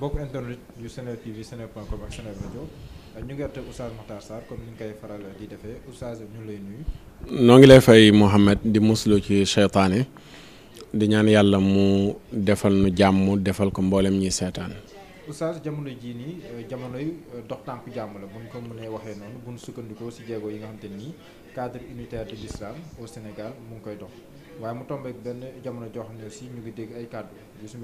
mbokk internet yu Senel TV Senel point com ak Senel rajo ñu ngi àtte Oustaz Makhtar Sarr comme ni ñu koy faral di defee Oustaz ñu lay nuyu. noo ngi lay fay Mouhamed di muslu ci seytaane di ñaan yàlla mu defal nu jàmm defal ko mboolem ñi seetaan. Oustaz jamono jii nii euh, jamonoy euh, dox tànk jàmm la buñ ko mënee waxee noonu buñ sukkandikoo si jéego yi nga xam te nii cadre unitaire de l'islam au Sénégal mu ngi koy dox waaye mu tombeek benn jamono joo xam ne ñu ngi dégg ay kàddu yu su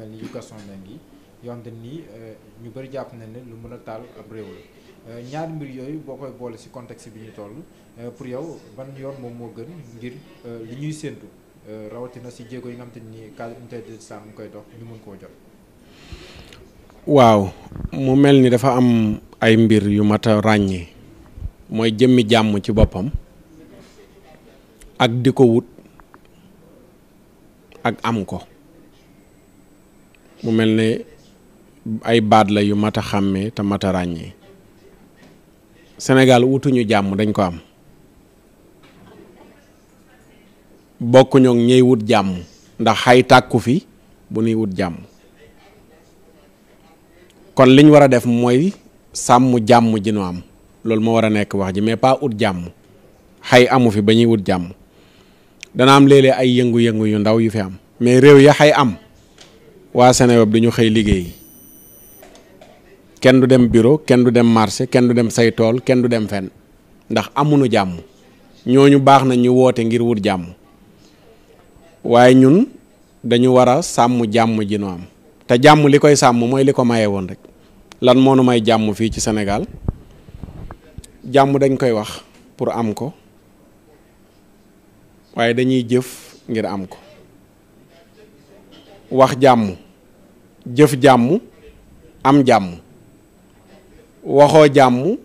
yoo xam te nii euh, ñu bëri jàpp na ne lu mën a taal ab réew la euh, ñaari mbir yooyu boo koy boole ci contexte bi ñu toll euh, pour yow ban yoon moom moo gën ngir li ñuy séentu rawatina si jéego yi nga nii te ni cadre unité koy dox ñu mën koo jot. waaw mu mel ni dafa am ay mbir yu mat a ràññee mooy jëmmi jàmm ci boppam ak di ko wut ak am ko mu mel ne ay baat la yu mat a xàmmee te mat a ràññee Sénégal wutuñu jàmm dañ ko am bokkuñu ak wut jàmm ndax xay tàkku fi bu nuy wut jàmm kon liñ war a def mooy sàmm jàmm ji nu am loolu moo war a nekk wax ji mais pas ut jàmm xay amu fi ba ñuy wut jàmm dana am léeg ay yëngu-yëngu yu ndaw yu fi am mais réew ya xay am waa Seneweb du ñu xëy liggéey kenn du dem bureau kenn du dem marché kenn du dem say tool kenn du dem fenn ndax amunu jàmm ñooñu baax na ñu woote ngir wut jàmm waaye ñun dañu war a sàmm jàmm ji nu am te jàmm li koy sàmm mooy li ko maye woon rek lan moo nu jàmm fii ci Sénégal jàmm dañ koy wax pour am ko waaye dañuy jëf ngir am ko wax jàmm jëf jàmm am jàmm waxoo jàmm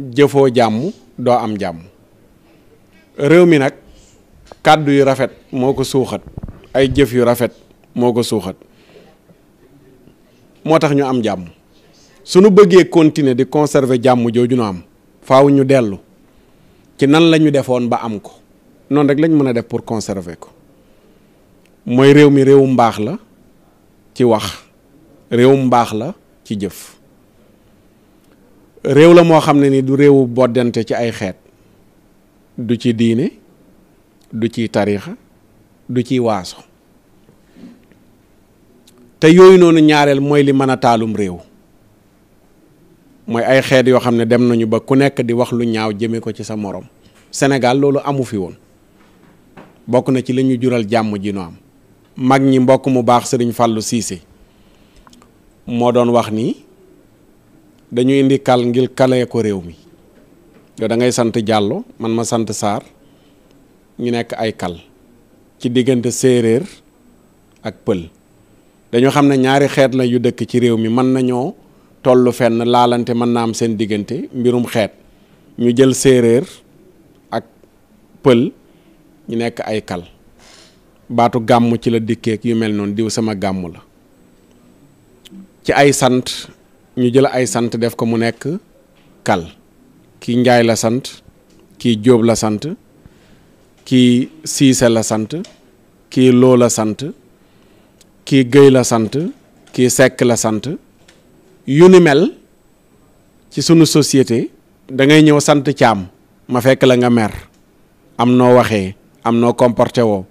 jëfoo jàmm doo am jàmm réew mi nag kàddu yu rafet moo ko suuxat ay jëf yu rafet moo ko suuxat moo tax ñu am jàmm su nu bëggee continuer di conserver jàmm jooju nu am faaw ñu dellu ci nan lañu defoon ba am ko noonu rek lañ mën a def pour conserver ko mooy réew mi réewum mbaax la ci wax réewum mbaax la ci jëf réew la moo xam ne ni du réewu boddante ci ay xeet du ci diine du ciy tariixa du ci waaso te yooyu noonu ñaareel mooy li mën a taalum réew mooy ay xeet yoo xam ne dem nañu ba ku nekk di wax lu ñaaw jëme ko ci sa morom senegal loolu amu fi woon bokk na ci li jural jàmm ji noo am mag ñi mbokk mu baax sëriñ Fallou Cissé moo doon wax nii dañu indi kal ngir kalee ko réew mi yow da sant jàlloo man ma sant Sarr ñu nekk ay kal ci diggante séeréer ak pël dañu xam ne ñaari xeet la yu dëkk ci réew mi mën nañoo tollu fenn laalante mën naa am seen diggante mbirum xeet ñu jël séeréer ak pël ñu nekk ay kal baatu gàmm ci la dikkeek yu mel noonu diw sama gàmmu la ci ay sant ñu jël ay sant def ko mu nekk kal kii njaay la sant kii jóob la sant kii siise la sant kii loo la sant kii géy la sant kii sekk la sant yu ni mel ci sunu société dangay ñëw sant caam ma fekk la nga mer am noo waxee am noo comporté woo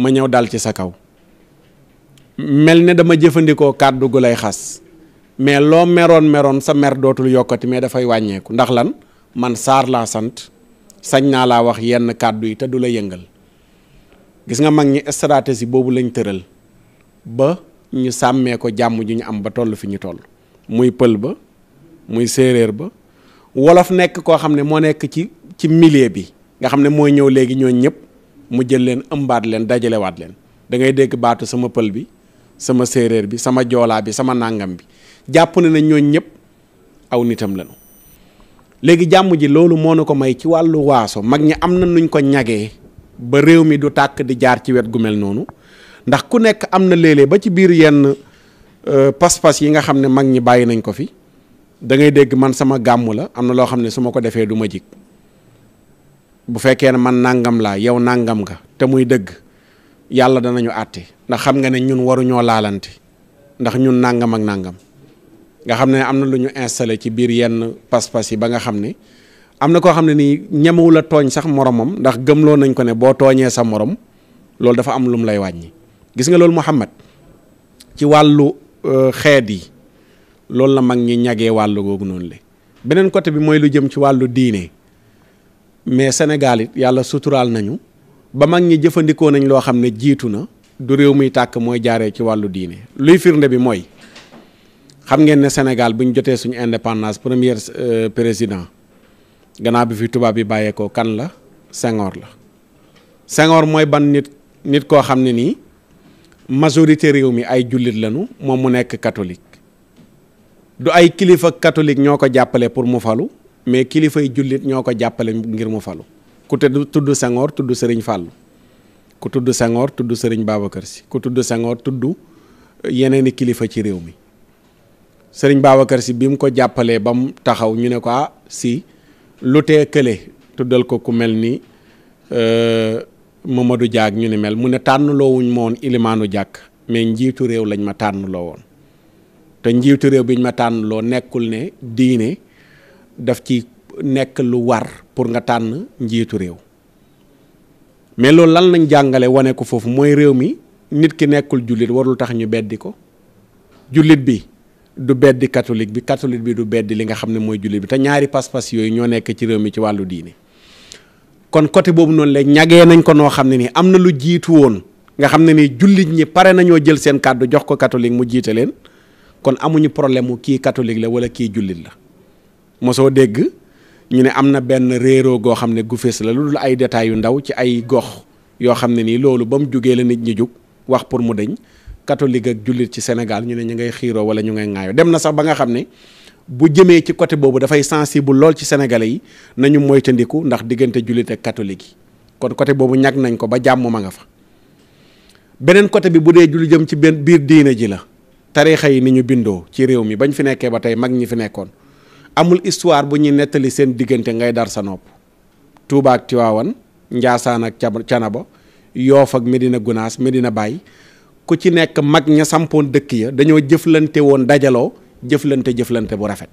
ma ñëw dal ci sa kaw mel ne dama jëfandikoo kàddu gu lay xas mais loo meroon meroon sa mer dootul yokkati mais dafay wàññeeku ndax lan man saar laa sant sañ naa laa wax yenn kàddu yi te du la yëngal gis nga mag ñi stratégie boobu lañ tëral ba ñu sàmmee ko jàmm ju ñu am ba toll fi ñu toll muy pël ba muy séeréer ba wolof nekk koo xam ne moo nekk ci ci milieu bi nga xam ne mooy ñëw léegi ñooñ ñëpp mu jël leen ëmbaat leen dajalewaat leen da ngay dégg baatu sama pël bi sama séeréer bi sama joolaa bi sama nàngam bi jàpp na ne ñooñ ñëpp aw nitam lañu léegi jàmm ji loolu moo nu ko may ci wàllu waaso mag ñi am na nuñ ko ñagee ba réew mi du tàkk di jaar ci wet gu mel noonu ndax ku nekk am na léelée ba ci biir yenn euh, pas-pas yi nga xam ne mag ñi bàyyi nañ ko fi dangay dégg man sama gàmmu la am na loo xam ne su ma ko defee du ma jig bu fekkee ne man nàngam laa yow nàngam nga te muy dëgg yàlla danañu àtte ndax xam nga ne ñun waruñoo laalante ndax ñun nàngam ak nàngam nga xam ne am na lu ñu installé ci biir yenn pas-pas yi ba nga xam ne am na koo xam ne nii ñemewul a tooñ sax moromam ndax gëmloo nañ ko ne boo tooñee sa morom loolu dafa am lu lum lay wàññi gis nga loolu Muhammad ci wàllu euh, xeet yi loolu la mag ñi ñagee wàllu googu noonu le beneen côté bi mooy lu jëm ci wàllu diine mais Sénégal yàlla suturaal nañu ba mag ñi jëfandikoo nañ loo xam ne jiitu na du réew muy tàkk mooy jaaree ci wàllu diine luy firnde bi mooy xam ngeen ne Sénégal bu jotee suñu indépendance premier euh, président gannaaw bi fi tubaab yi bàyyeekoo kan la Senghor la Senghor mooy ban nit nit koo xam ne nii majorité réew mi ay jullit lañu moom mu nekk katolik du ay kilifa catholique ñoo ko jàppale pour mu falu mais kilifay jullit ñoo ko jàppale ngir mu falu ku tudd tudd Senghor tudd Serigne Fallou ku tudd Senghor tudd Serigne Babacar Sy ku tudd Senghor tudd yeneeni kilifa ci réew mi Serigne Babacar Sy bi mu ko jàppalee ba mu taxaw ñu ne ko ah si lu tee kële tuddal ko ku mel ni euh, Mamadou Diack ñu ni mel mu ne tànn loowuñ ma woon ilimaanu jàkk mais njiitu réew lañ ma tànn loo woon te njiitu réew biñ ma tànn loo nekkul ne diine daf ci nekk lu war pour nga tànn njiitu réew mais loolu lan lañ jàngale wane ko foofu mooy réew mi nit ki nekkul jullit warul tax ñu beddi ko jullit bi du beddi catholique bi catholique bi du beddi li nga xam ne mooy jullit bi te ñaari pas-pas yooyu ñoo nekk ci réew mi ci wàllu diine kon côté boobu noonu la ñagee nañ ko noo xam ne nii am na lu jiitu woon nga xam ne nii jullit ñi pare nañoo jël seen kàddu jox ko catholique mu jiite leen kon amuñu problème mu kii catholique la wala kii jullit la ñu ne am na benn réeroo goo xam ne gu fees la lu dul ay détails yu ndaw ci ay gox yoo xam ne nii loolu ba mu jógee la nit ñi jug wax pour mu deñ catholique ak jullit ci Sénégal ñu ne ñu ngay xiiroo wala ñu ngay ŋaayoo dem na sax ba nga xam ne bu jëmee ci côté boobu dafay sensible lool ci sénégalais yi nañu moytandiku ndax diggante jullit ak catholique yi kon côté boobu ñag nañ ko ba jàmm ma nga fa beneen côté bi bu dee julli jëm ci benn biir diine ji la tariixa yi ni ñu bindoo ci réew mi bañ fi nekkee ba tey mag ñi fi nekkoon amul histoire bu ñuy nettali seen diggante ngay dar sa nopp Touba Tiwaawan Njaasaan ak Canaba Yoof ak Medina Gunaas Medina Baay ku ci nekk mag ña sampoon dëkk ya dañoo jëflante woon dajaloo jëflante jëflante bu rafet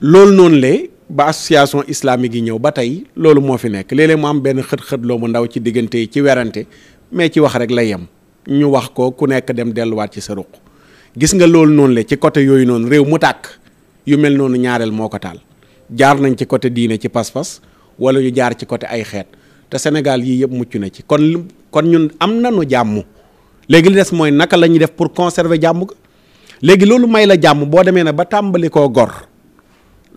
loolu noonu le ba association islamique yi ñëw ba tey loolu moo fi nekk léeg-léeg am benn xët-xët loo mu ndaw ci diggante yi ci werante mais ci wax rek la yem ñu wax ko ku nekk dem delluwaat ci sa ruq gis nga loolu noonu la ci côté yooyu noonu réew mu tàkk yu mel noonu ñaareel moo ko taal jaar nañ ci côté diine ci pas-pas wala ñu jaar ci côté ay xeet te Sénégal yii yëpp mucc na ci kon kon ñun am nañu jàmm léegi li des mooy naka la ñuy def pour conserver jàmm ga léegi loolu may la jàmm boo demee na ba tàmbali koo gor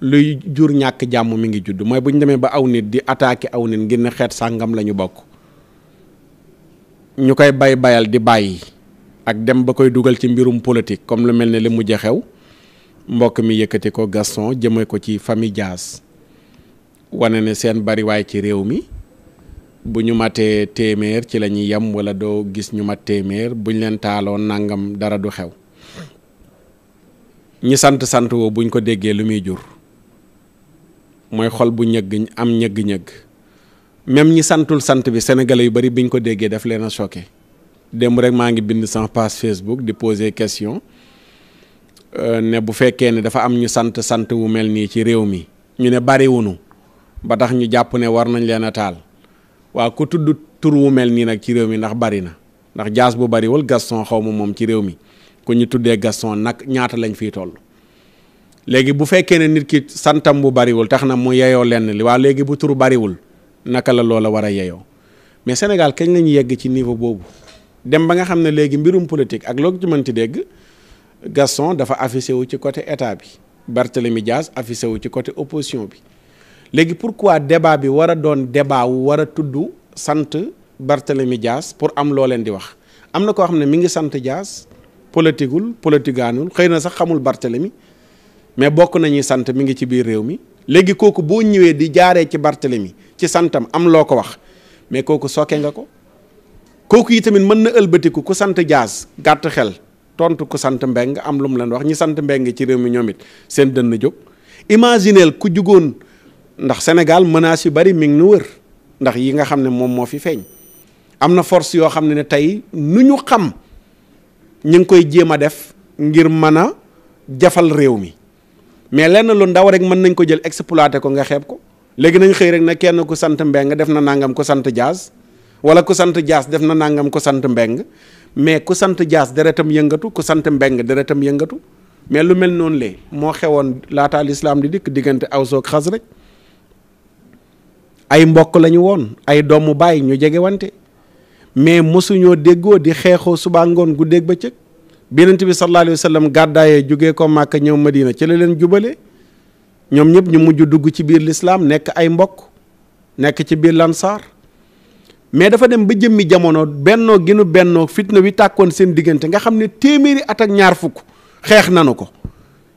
luy jur ñàkk jàmm mi ngi judd mooy bu ñu demee ba aw nit di attaqué aw nit ngir ne xeet sàngam la ñu bokk ñu koy bay bayal di bàyyi. ak dem ba koy dugal ci mbirum politique comme lu mel ne li mujj xew mbokk mi yëkkati ko Gaston jëme ko ci famille Dias wane ne seen bariwaay ci réew mi bu ñu matee téeméer ci lañuy ñuy yem wala doo gis ñu mat téeméer buñ leen taaloo nangam dara du xew ñi sant sant woo buñ ko déggee lu muy jur mooy xol bu ñëg am ñëgg-ñëgg même ñi santul sant bi sénégalais yu bari biñ ko déggee daf leen a choqué. démb rek maa ngi bind sama page Facebook di poser question euh, ne bu fekkee ne dafa am ñu sant sant wu mel nii ci réew mi ñu ne bariwunu ba tax ñu jàpp ne war nañ leen a taal waa ku tudd tur wu mel nii nag ci réew mi ndax bari na ndax jaas bu bariwul Gaston xaw ma moom ci réew mi ku ñu tuddee Gaston nag ñaata lañ fiy toll. léegi bu fekkee ne nit ki santam bu bariwul tax na mu yeyoo lenn li waa léegi bu tur bariwul naka la a war a yeyoo mais Sénégal kañ la yegg ci niveau boobu. dem ba nga xam ne léegi mbirum politique ak loo ci ci dégg gason dafa affiché wu ci côté état bi Barthélemy Dias affiché wu ci côté opposition bi léegi pour quoi débat bi war a doon débat wu war a tudd sant Barthélemy Dias pour am loo leen di wax am na koo xam ne mi ngi sant Dias politigul politigaanul xëy na sax xamul Barthélemy mais bokk nañuy sant mi ngi ci biir réew mi léegi kooku boo ñëwee di jaaree ci Barthélemy ci santam am loo ko wax mais kooku sokke nga ko kooku yi tamit mën na ëlbatiku ku sant jaas gàtt xel tontu ku sant mbeng am lu mu leen wax ñi sant mbeng ci réew mi ñoomit seen dënn jóg imagineel ku jugoon ndax Sénégal menaces yu bari mi ngi nu wër ndax yi nga xam ne moom moo fi feeñ am na force yoo xam ne ne tey nu ñu xam ñu ngi koy jéem a def ngir mën a jafal réew mi mais lenn lu ndaw rek mën nañ ko jël exploité ko nga xeeb ko léegi nañ xëy rek na kenn ku sant mbeng def na nangam ku sant jaas wala ku sant jaas def na nangam ku sant mbeng mais ku sant jaas deretam yëngatu ku sant mbeng deretam yëngatu mais lu mel noonu lee moo xewoon laataa lislaam di dikk diggante Aws ak rek ay mbokk lañu woon ay doomu baay ñu jege wante mais mosuñoo déggoo di xeexoo suba ngoon guddeeg bëccëg bi Yonent bi sallallahu alayhi wa sallam gàddaayee jógee ko Màkka ñëw Madina ci la leen jubale ñoom ñëpp ñu mujj dugg ci biir lislaam nekk ay mbokk nekk ci biir lansaar mais dafa dem ba jëmmi jamono bennoo ginu bennoo fitna wi tàkkoon seen diggante nga xam ne téeméeri at ak ñaar fukk xeex nanu ko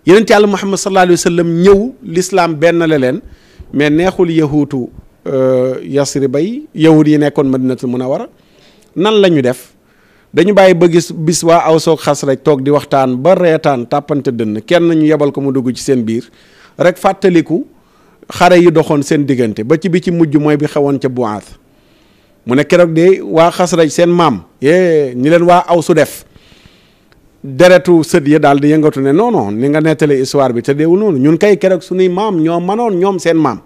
yeneen ci yàlla muhammad sallallahu alayhi wa sallam ñëw lislaam benn la leen mais neexul yahuutu euh, yasri bay yahud yi nekkoon ma dina a war a nan la ñu def dañu bàyyi ba gis bis waa aw soog xas rek toog di waxtaan ba reetaan tàppante dënn kenn ñu yebal ko mu dugg ci seen biir rek fàttaliku xare yi doxoon seen diggante ba ci bi ci mujj mooy bi xewoon ca Buath mu ne keroog de waa xasraj seen maam yee ñi leen waa aw su def deretu sët ya daal di yëngatu ne noonoo ni nga nettale histoire bi te deewul noonu ñun kay keroog suñuy maam ñoo manoon ñoom seen maam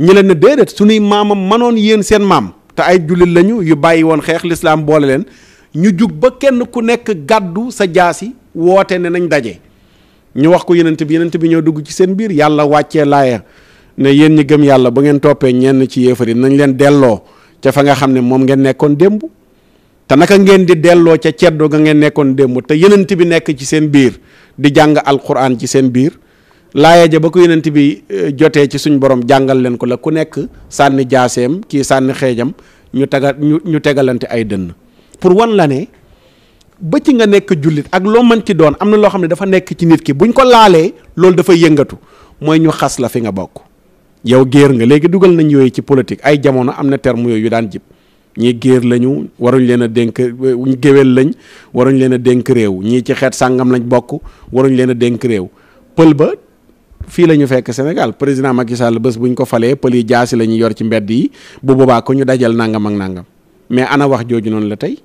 ñi leen ne déedéet suñuy maamam manoon yéen seen maam te ay jullit lañu yu bàyyi woon xeex lislaam boole leen ñu jug ba kenn ku nekk gàddu sa jaasi woote ne nañ daje ñu wax ko yenent bi yenent bi ñoo dugg ci seen biir yàlla wàccee laaya ne yéen ñi gëm yàlla ba ngeen toppee ñenn ci yéefar yi nañ leen delloo ca fa nga xam ne moom ngeen nekkoon démb te naka ngeen di delloo ca ceddo ga ngeen nekkoon démb te yenent bi nekk ci seen biir di jàng alquran ci seen biir laaya ja ba ko yenent bi eh, jotee ci suñ borom jàngal leen ko la ku nekk sànni jaaseem kii sànni xeejam ñu tegal ñu ñu tegalante ay dënn pour wan la ne ba nga nekk jullit ak loo mën ci doon am na loo xam ne dafa nekk ci nit ki buñ ko laalee loolu dafa yëngatu mooy ñu xas la fi nga bokk yow géer nga léegi dugal nañ yooyu ci politique ay jamono am na terme yooyu yu daan jib ñii géer lañu waruñ leen a dénk géwél lañ waruñ leen a dénk réew ñii ci xeet sàngam lañ bokk waruñ leen a dénk réew pël ba fii la ñu fekk Sénégal président Macky Sall bés bu ñu ko falee pël yi jaasi la ñuy yor ci mbedd yi bu boobaa ko ñu dajal nangam ak nangam mais ana wax jooju noonu la tey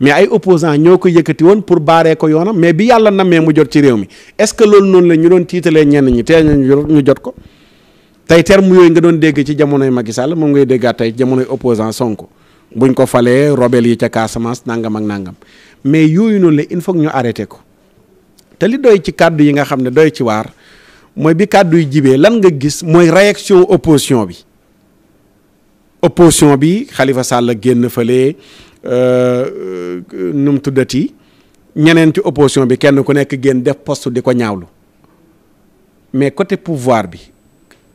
mais ay opposants ñoo ko yëkkati woon pour baaree ko yoonam mais bi yàlla nammee mu jot ci réew mi est-ce que loolu noonu la ñu doon tiitalee ñenn ñi tee ñu jot ko tey terme yooyu nga doon dégg ci jamonoy Macky Sall moom ngay déggaat tey jamonoy opposant Sonko buñ ko falee robel yi ca Casamance nangam ak nangam mais yooyu noonu la il ñu arrêté ko te li doy ci kàddu yi nga xam ne doy ci waar mooy bi kàddu yi jibee lan nga gis mooy réaction opposition bi opposition bi xalifa Sall génn fële euh, euh, nu mu tuddati ñeneen ci opposition bi kenn ku nekk génn def poste di ko ñaawlu mais côté pouvoir bi.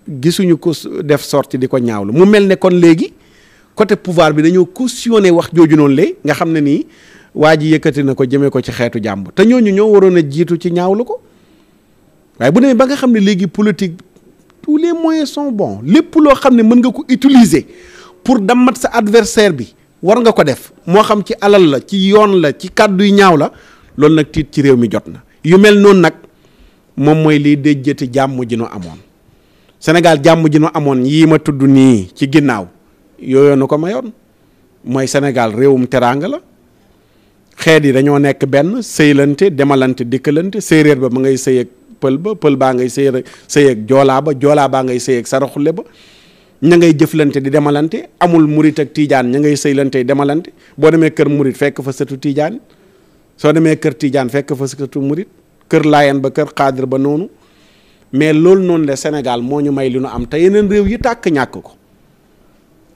gisuñu ko def sorti di ko ñaaw ñaawlu mu mel ne kon léegi côté pouvoir bi dañoo cautionné wax jooju noonu la nga xam ne nii waa ji yëkkati na ko jëmee ko ci xeetu jàmbur te ñooñu ñoo waroon a jiitu ci ñaaw la ko waaye bu demee ba nga xam ne léegi politique tous les moyens sont bons lépp loo xam ne mën nga ko utiliser pour dammat sa adversaire bi war nga ko def moo xam ci alal la ci yoon la ci kàddu yu ñaaw la loolu nag tiit ci réew mi jot na yu mel noonu nag moom mooy liy déjjati jàmm ji nu amoon Sénégal jàmm ji nu amoon yii ma tudd nii ci ginnaaw yooyu nu ko mayoon mooy Sénégal réewum teraanga la xeet yi dañoo nekk benn sëylante demalante dikkalante séeréer ba ma ngay sëy ak pël ba pël baa ngay sëy sëy ak joolaa ba joolaa baa ngay sëy ak saraxule ba ña ngay jëflante di demalante amul murit ak tiijaan ña ngay sëylante demalante boo demee kër murit fekk fa sëtu tiijaan soo demee kër tiijaan fekk fa sëtu murit kër laayeen ba kër xaadir ba noonu mais loolu noonu la Sénégal moo ñu may li nu am te yeneen réew yi tàkk ñàkk ko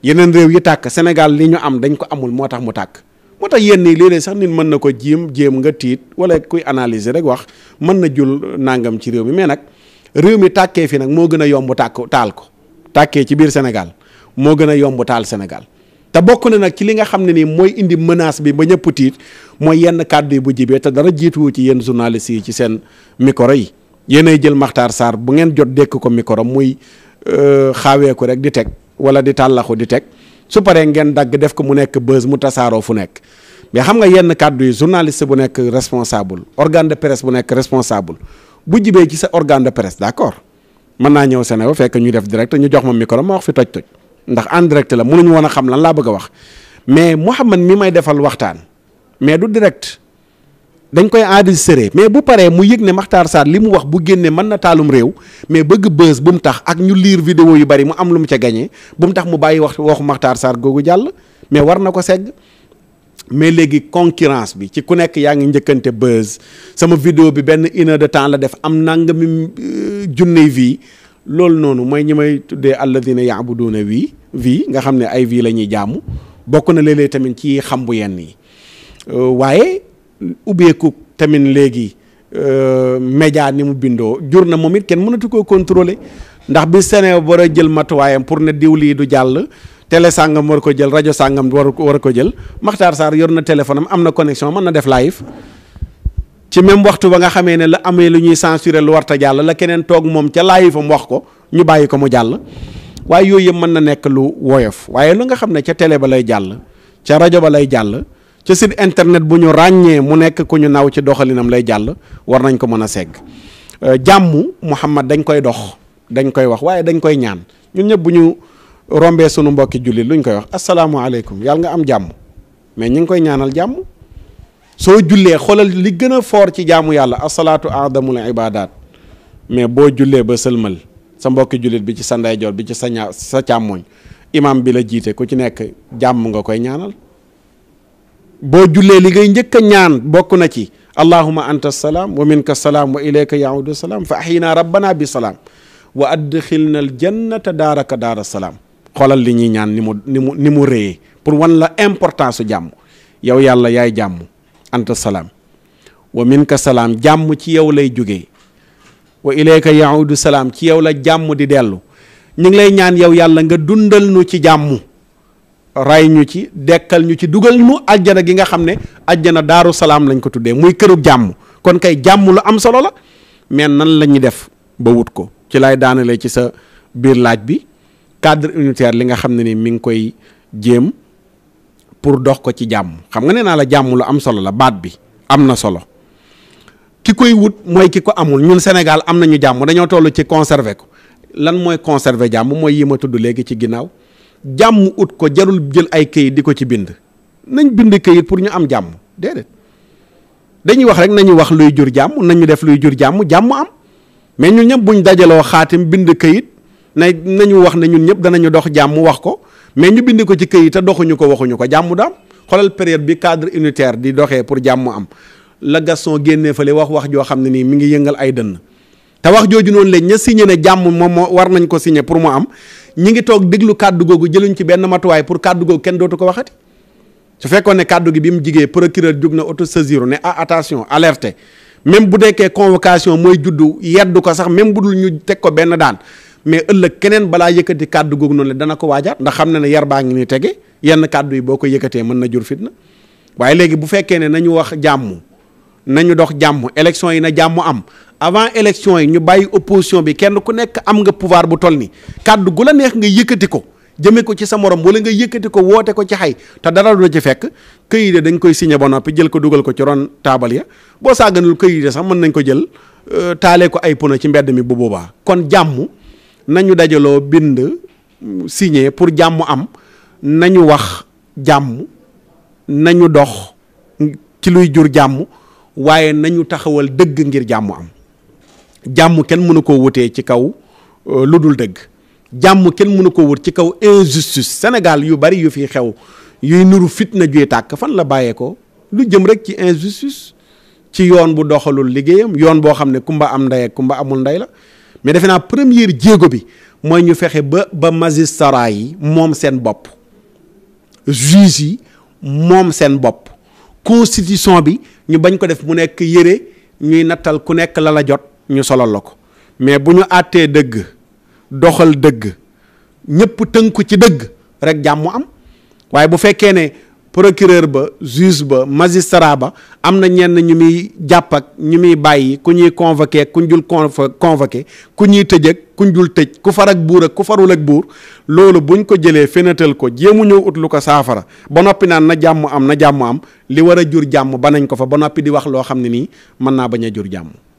yeneen réew yi tàkk Sénégal li ñu am dañ ko amul moo tax mu tàkk moo tax yenn yi léeg-léeg sax nit mën na ko jéem jéem nga tiit wala kuy analyser rek wax mën na jul nangam ci réew mi mais nag réew mi tàkkee fii nag moo gën a yomb tàkk taal ko tàkkee ci biir Sénégal moo gën a yomb taal Sénégal te bokk na nag ci li nga xam ne nii mooy indi menace bi ba ñëpp tiit mooy yenn kàddu yi bu jibee te dara jiituwu ci yenn journalistes yi ci seen micro yi yéenay jël Maxtaar Sarr bu ngeen jot dékk ko micro muy euh, xawee ko rek di teg wala di tàllaxu di teg su paree ngeen dagg def ko mu nekk buzz mu tasaaroo fu nekk mais xam nga yenn kàddu yi journaliste bu nekk responsable organe de presse bu nekk responsable bu jibee ci sa organe de presse d'accord mën naa ñëw Sénégal fekk ñu def direct ñu jox ma micro ma wax fi toj-toj ndax en direct la ñu woon a xam lan laa bëgg a wax mais Mouhamad mi may defal waxtaan dañ koy enregistré mais bu paree mu yëg ne maxtar Sarr li mu wax bu génnee mën na taalum réew mais bëgg bës bu mu tax ak ñu liir vidéo yu bari mu am lu mu ca gagné bu mu tax mu bàyyi wax waxu Makhtar Sarr googu jàll mais war na ko segg mais léegi concurrence bi ci ku nekk yaa ngi njëkkante buzz sama vidéo bi benn une de temps la def am nangami mi euh, junney vie loolu noonu mooy ñi may tuddee alladina yaabuduuna wii vie nga xam ne ay vie la ñuy jaamu bokk na léeg tamit ci xam bu yenn yi euh, waaye ubbeeku tamit léegi euh, média ni mu bindoo jur na moom it kenn mënatu koo contrôler ndax bi Sénégal war a jël matuwaayam pour ne diw lii du jàll télé sàngam war ko jël rajo sàngam war war ko jël Makhtar Sarr yor na téléphone am am na connexion mën na def live ci même waxtu ba nga xamee ne la amee lu ñuy censuré lu warta jàll la keneen toog moom ca live am wax ko ñu bàyyi ko mu jàll waaye yooyu yëpp mën na nekk lu woyof waaye lu nga xam ne ca tele ba lay jàll ca rajo ba lay jàll ca site internet bu ñu ràññee mu nekk ku ñu naw ci doxalinam lay jàll war nañ ko mën a segg euh, jàmm Muhammad dañ koy dox dañ koy wax waaye dañ koy ñaan ñun ñëpp bu ñu rombee sunu mbokki jullit luñ koy wax asalaamualeykum yàlla nga am jàmm mais ñu ngi koy ñaanal jàmm soo jullee xoolal li gën a foor ci jaamu yàlla asalaatu adamul ibadat mais boo jullee ba sëlmal sa mbokki jullit bi ci sa ndeyjoor bi ci sa ñaa sa càmmooñ imam bi la jiite ku ci nekk jàmm nga koy ñaanal boo jullee li ngay njëkk a ñaan bokk na ci allahuma anta salaam wa minka salaam wa ilayka yaudu salaam fa ahyina rabbana bi salaam wa adxilna al jannata daaraka daara salaam xoolal li ñuy ñaan ni mu ni mu ni mu rëyee pour wan la importance su jàmm yow yàlla yaay jàmm anta salaam wa minka salaam jàmm ci yow lay jógee wa ilayka yaudu salaam ci yow la jàmm di dellu ñu ngi lay ñaan yow yàlla nga dundal nu ci jàmm ray ñu ci dekkal ñu ci dugal ñu ajjana gi nga xam ne ajjana daaru salaam lañ ko tuddee muy këru jàmm kon kay jàmm lu am solo la mais nan la ñuy def ba wut ko ci lay daanalee ci sa biir laaj bi cadre unitaire li nga xam ne ni mi ngi koy jéem pour dox ko ci jàmm xam nga ne naa la jàmm lu am solo la baat bi am na solo ki koy wut mooy ki ko amul ñun Sénégal am nañu jàmm dañoo toll ci conserver ko lan mooy conserver jàmm mooy yi ma tudd léegi ci ginnaaw jàmm ut ko jarul jël ay këyit di ko ci bind nañ bind këyit pour ñu am jàmm déedéet dañuy wax rek nañu wax luy jur jàmm nañu def luy jur jàmm jàmm am mais ñun ñëpp buñ dajaloo xaatim bind këyit na nañu wax ne ñun ñëpp danañu dox jàmm wax ko mais ñu bind ko ci këyit te doxuñu ko waxuñu ko jàmm daam xolal période bi cadre unitaire di doxee pour jàmm am la Gaston génnee fële wax wax joo xam ne nii mi ngi yëngal ay dënn te wax jooju noonu lañ ña signé ne jàmm moom moo war nañ ko signé pour mu am ñi ngi toog déglu kàddu googu jëluñ ci benn matuwaay pour kàddu googu kenn dootu ko waxati su fekkoon ne kàddu gi bi mu jigee procureur jóg na auto-saisir ne ah attention alerte même bu dekkee convocation mooy juddu yeddu ko sax même bu dul ñu teg ko benn daan mais ëllëg keneen balaa yëkkati kàddu goog noonu la dana ko waajaat ndax xam na ne yar baa ngi ni tege yenn kàddu yi boo ko yëkkatee mën na jur fitna waaye léegi bu fekkee ne nañu wax jàmm nañu dox jàmm élection yi na jàmm am avant élection yi ñu bàyyi opposition bi kenn ku nekk am nga pouvoir bu toll nii kàddu gu la neex nga yëkkati ko jëmee ko ci sa morom wala nga yëkkati ko woote ko ci xay te dara du la ci fekk këyit dañ koy signé ba noppi jël ko dugal ko ci ron taabal ya boo sàgganul këyit de sax mën nañ ko jël euh, taalee ko ay pono ci mbedd mi bu boobaa. kon jàmm nañu dajaloo bind signé pour jàmm am nañu wax jàmm nañu dox ci luy jur jàmm. waaye nañu taxawal dëgg ngir jàmm am jàmm kenn mënu koo wutee ci kaw euh, lu dul dëgg jàmm kenn mënu koo wut ci kaw injustice Sénégal yu bari yu fi xew yuy nuru fitna juy tàkk fan la bàyyee ko lu jëm rek ci injustice ci yoon bu doxalul liggéeyam yoon boo xam ne kumba am ndey ak kumba amul ndey la mais defe naa première jéego bi mooy ñu fexe ba ba magistrat yi moom seen bopp juge yi moom seen bopp constitution bi ñu bañ ko def mu nekk yére ñuy nattal ku nekk la la jot ñu solal la ko mais bu ñu àttee dëgg doxal dëgg ñëpp tënku ci dëgg rek jàmm am waaye bu fekkee ne procureur ba juge ba magistrat ba am na ñenn ñu muy jàpp ak ñu muy bàyyi ku ñuy convoqué ku ñu dul convoqué ku ñuy tëj ak ku ñu dul tëj ku far ak buur ak ku farul ak buur loolu buñ ko jëlee fenatal ko jéemu ñëw ut lu ko saafara ba noppi naan na jàmm am na jàmm am li war a jur jàmm ba nañ ko fa ba noppi di wax loo xam ne nii mën naa bañ a jur jàmm